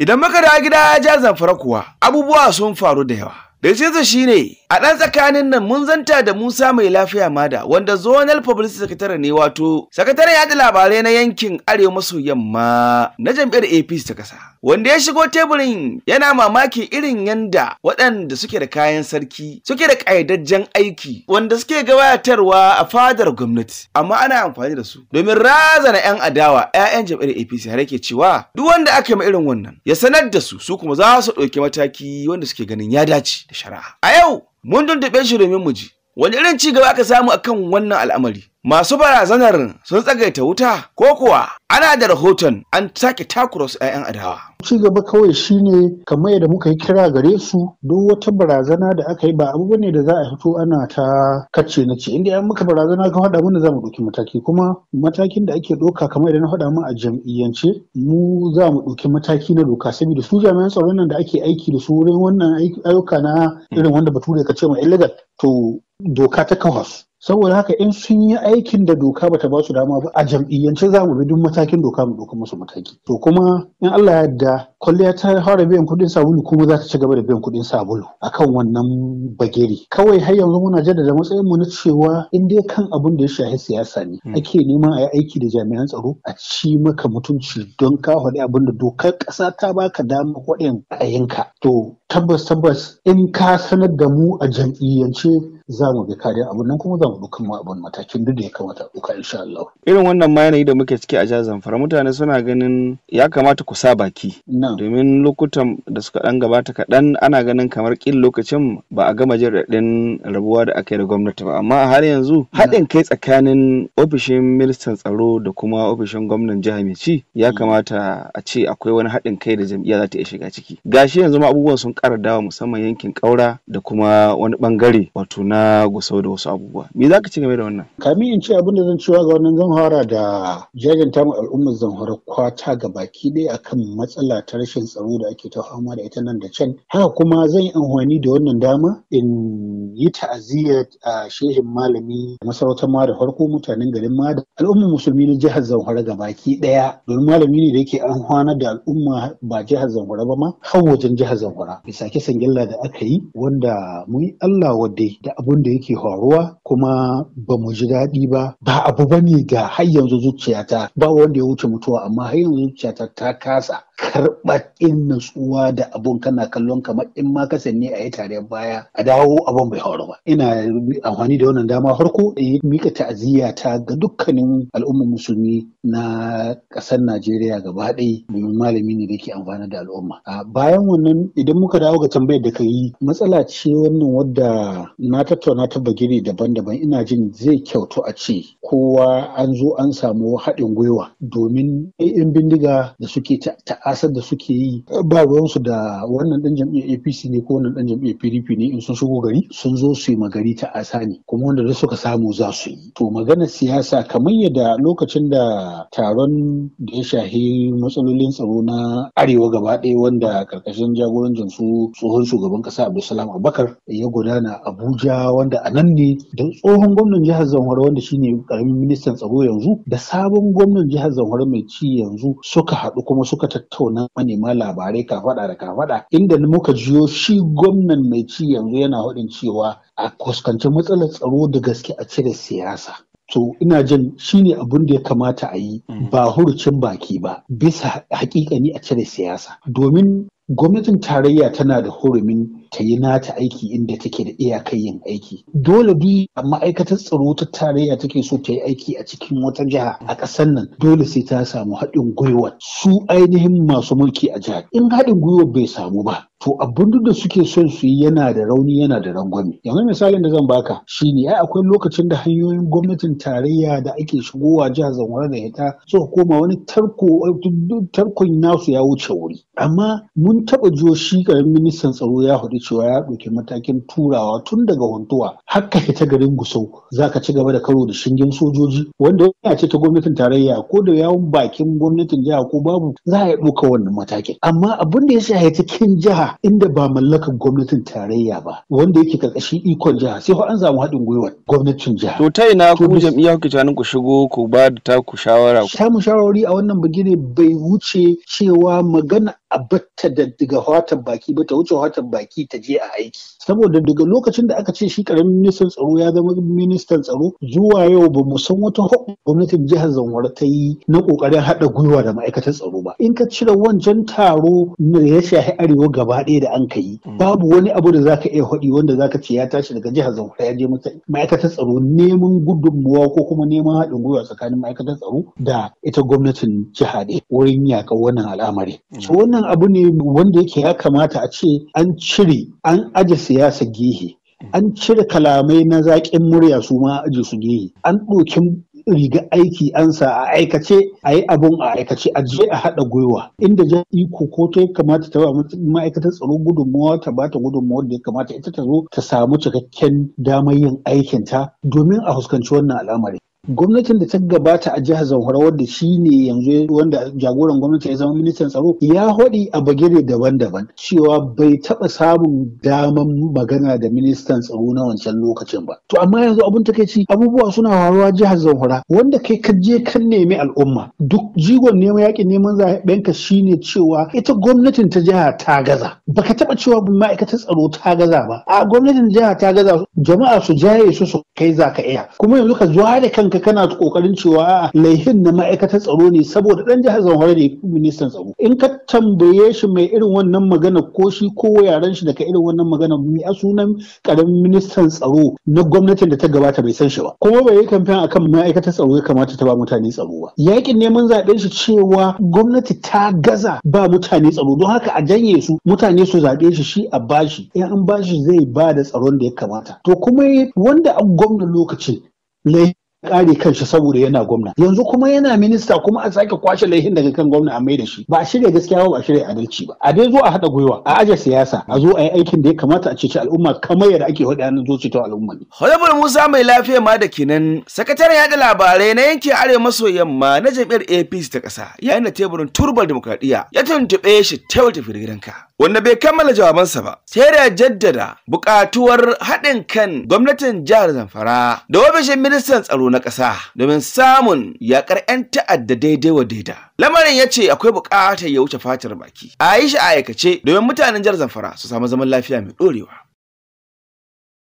Idan muka da gida ya ja zamfara kuwa abubuwa sun faru da yawa. da shi ne, a ɗan tsakanin nan mun zanta da Musa mai lafiya mada wanda zonal public sakatare ne wato sakataren yada labarai na yankin arewa maso yamma na jam'iyyar APC ta ƙasa. wanda ya shigo teburin yana mamaki irin yanda waɗanda suke da kayan sarki suke da ƙayyadajjen aiki wanda suke gabatarwa a fadar gwamnati amma ana amfani da su domin razana 'yan adawa 'ya'yan jam'iyyar APC har yake cewa duk wanda aka yi irin wannan ya sanar da su su kuma za su ɗauki mataki wanda suke ganin ya dace da shari'a a yau mun dundube shi domin mu ji wani irin ci gaba aka samu akan wannan al'amari masu barazanar sun tsagaita wuta ko kuwa ana da rahoton an take takura su 'ya'yan adawa ci gaba kawai shine kamar yadda muka yi kira gare su duk wata barazana da aka yi ba abu ne da za a fito ana ta kace na ce inda an muka barazana kan faɗa mana za mu ɗauki mataki kuma matakin da ake ɗauka kamar yadda na faɗa mu a jam'iyyance mu za mu ɗauki mataki na doka saboda su jami'an tsaron nan da ake aiki da su wurin wannan ayyuka na irin wanda bature ka ce ma illegal to doka ta kawas saboda haka in sun yi aikin da doka bata ba su dama ba a jam'iyyance za mu bi duk matakin doka mu doka musu mataki to kuma in Allah ya yarda kwalliya ta fara biyan kuɗin sabulu kuma za ta ci gaba da biyan kuɗin sabulu akan wannan bageri kawai har yanzu muna jaddada matsayin mu na cewa in dai kan abun da ya shafi siyasa ne hmm. ake neman a yi aiki da jami'an tsaro a ci maka mutunci don ka faɗi abin da dokar ƙasa ta baka dama kwaɗin a yanka to tabbas tabbas in ka sanar da mu a jam'iyyance za mu bi kariyar abun nan kuma za mu dukkan mu abun matakin duk da ya kamata ɗauka insha Allah. Irin wannan ma yanayi da muke ciki a jihar Zamfara mutane suna ganin ya kamata ku sa baki. Domin lokutan da suka dan gabata kaɗan ana ganin kamar ƙin lokacin ba a gama jin raɗin rabuwa da aka da gwamnati ba amma a har yanzu haɗin kai tsakanin ofishin ministan tsaro da kuma ofishin gwamnan jiha mai ci ya kamata a ce akwai wani haɗin kai da jam'iyya za ta iya shiga ciki. Gashi yanzu ma abubuwan sun ƙara dawa musamman yankin ƙaura da kuma wani ɓangare wato na na gusau da wasu abubuwa me za ka ci gaba da wannan kamin in ce abin da zan cewa ga wannan zan hara da jajanta mu al'ummar zanhara kwata ga baki ɗaya akan matsala ta rashin tsaro da ake ta fama da ita nan da can haka kuma zan yi amfani da wannan dama in yi ta'aziyya a shehin malami masarautar ma da farko mutanen garin ma da al'ummar musulmi na jihar zanhara ga baki ɗaya don malami ne da yake an kwana da al'umma ba jihar zanhara ba ma har wajen jihar zanhara bisa kisan gilla da aka yi wanda mun yi Allah wadai da abu abun da yake faruwa kuma ba mu ji daɗi ba ba abu bane da har yanzu zuciyata ba wanda ya wuce mutuwa amma har yanzu zuciyata ta kasa karɓa in nutsuwa da abun kana kallon kamar in ma kasan ne a yi tare baya a dawo abun bai hauru ba ina amfani da wannan dama farko ya mika ta'aziyya ta ga dukkanin al'ummar musulmi na ƙasar Najeriya gaba ɗaya domin malami ne da ke amfani da al'umma bayan wannan idan muka dawo ga tambayar da ka yi matsala ce wannan wadda na tattauna ta bagire daban-daban ina jin zai kyautu a ce kowa an zo an samu haɗin gwiwa domin 'yan bindiga da suke ta'a ta'asar da suke yi ba ruwansu da wannan dan jam'iyyar apc ne ko wannan dan jam'iyyar pdp ne in sun shigo gari sun zo su yi magari ta ne kuma wanda da suka samu za su yi to magana siyasa kamar yadda lokacin da taron da ya shahi matsalolin tsaro na arewa gaba ɗaya wanda karkashin jagorancin su tsohon shugaban kasa abdulsalam abubakar ya gudana abuja wanda a nan ne da tsohon gwamnan jihar zamfara wanda shine karamin ministan tsaro yanzu da sabon gwamnan jihar zamfara mai ci yanzu suka haɗu kuma suka tattauna nan manema labarai kafaɗa da kafaɗa, inda muka jiyo shi gwamnan mai ci yanzu yana haɗin cewa a kuskanci matsalar tsaro da gaske a cire siyasa to ina jin ne abin da ya kamata a yi mm. ba hurucin baki ba bisa hakikani a cire siyasa domin Gwamnatin tarayya tana da hurumin ta yi nata aiki inda take da iyakai yin aiki. Dole bi ma'aikatar tsaro ta tarayya take so ta yi aiki a cikin wata jiha a ƙasar nan dole sai ta samu haɗin gwiwa su ainihin masu mulki a jihar. In haɗin gwiwa bai samu ba to abin da suke son su yi yana da rauni yana da rangwame yanzu misalin da zan baka shine ai akwai lokacin da hanyoyin gwamnatin tarayya da ake shigowa jihar zamfara da hita suka koma wani tarko tarkon nasu ya wuce wuri amma mun taba jiyo shi ministan tsaro ya hudu cewa ya ɗauki matakin turawa tun daga huntuwa hakka hita garin gusau zaka ci gaba da karo da shingen sojoji wanda ya ce ta gwamnatin tarayya ko da yawon bakin gwamnatin jiha ko babu za a ɗauka wannan matakin amma abin da ya sa ta cikin jiha inda ba mallakar gwamnatin tarayya ba wanda yake karkashin ikon jiha sai an samu haɗin gwiwar gwamnatin jiha. To ta ina ku jam'iyya kuke tunanin ku shigo ku ba da ta ku shawara. Samu shawarwari a wannan bigire bai wuce cewa magana a batta da daga watan baki ba ta wuce watan baki ta je a aiki saboda daga lokacin da aka ce shi karamin ministan tsaro ya zama ministan tsaro zuwa yau ba mu san wata gwamnatin jihar zamwara ta yi na kokarin haɗa gwiwa da ma'aikatan tsaro ba in ka cire wancan taro na ya shahi arewa gaba faɗe da an ka mm. babu wani abu da zaka iya faɗi wanda zaka ce ya tashi daga jihar Zamfara ya je ma'aikatar tsaro neman gudunmuwa ko kuma neman haɗin gwiwa tsakanin ma'aikatar tsaro da ita gwamnatin jiha ne wurin yaƙa wannan al'amari. Mm. So wannan abu ne wanda yake ya kamata a ce an cire an aje siyasa gehe mm. an cire kalamai na zaƙin murya su ma aje su gehe an ɗauki riga aiki ansa a aikace a yi abun a aikace a je a haɗa gwiwa inda ja iko ko ta kamata ta ba ma'aikatar tsaro gudunmuwa ta ba ta da ya kamata ita ta zo ta samu cikakken damar yin aikinta domin a fuskanci wannan al'amari. gwamnatin da ta gabata a jihar zamfara wanda shi ne yanzu wanda jagoran gwamnati ya zama ministan tsaro ya haɗi a bagire daban-daban cewa bai taɓa samun daman magana da ministan tsaro na wancan lokacin ba to amma yanzu abin ci abubuwa suna faruwa jihar zamfara wanda kai ka je kan nemi al'umma duk jigon neman yakin neman zaɓen ka shine cewa ita gwamnatin ta jiha ta gaza baka taɓa cewa ma'aikatar tsaro ta gaza ba a gwamnatin jiha ta gaza jama'a su jaye su su kai za ka iya kuma yanzu ka zuwa da kan kanka kana kokarin cewa laihin na ma'aikatar tsaro ne saboda dan jihar Zamfara ne ministan tsaro in ka tambaye shi mai irin wannan magana ko shi ko yaran shi daga irin wannan magana mai a sunan karamin ministan tsaro na gwamnatin da ta gabata bai san shi ba kuma bai yi kamfen akan ma'aikatar tsaro ya kamata ta ba mutane tsaro ba yakin neman zaɓen shi cewa gwamnati ta gaza ba mutane tsaro don haka a janye su mutane su zaɓe shi shi a bashi in an bashi zai ba da tsaron da ya kamata to kuma wanda a gwamna lokacin kare kanshi saboda yana gwamna yanzu kuma yana minista kuma a sake kwashe laihin daga kan gwamna a mai shi ba a shirya gaskiya ba a shirya adalci ba a dai zo a haɗa gwiwa a aje siyasa a zo a yi aikin da ya kamata a ceci al'umma kamar yadda ake hudu hannun zo cito al'umma ne. Musa mai lafiya ma da kinan sakataren yada labarai na yankin arewa maso yamma na jam'iyyar APC ta ƙasa yayin da teburin turbar demokradiyya ya tuntuɓe shi ta wata firgiranka. wanda bai kammala jawabansa ba sai da jaddada buƙatuwar haɗin kan gwamnatin jihar zamfara da ofishin ministan tsaro na ƙasa domin samun yaƙar 'yan ta'adda daidai wa daida lamarin ya ce akwai buƙatar ya wuce fatar baki Aisha yi shi a aikace domin mutanen jihar zamfara su samu zaman lafiya mai ɗorewa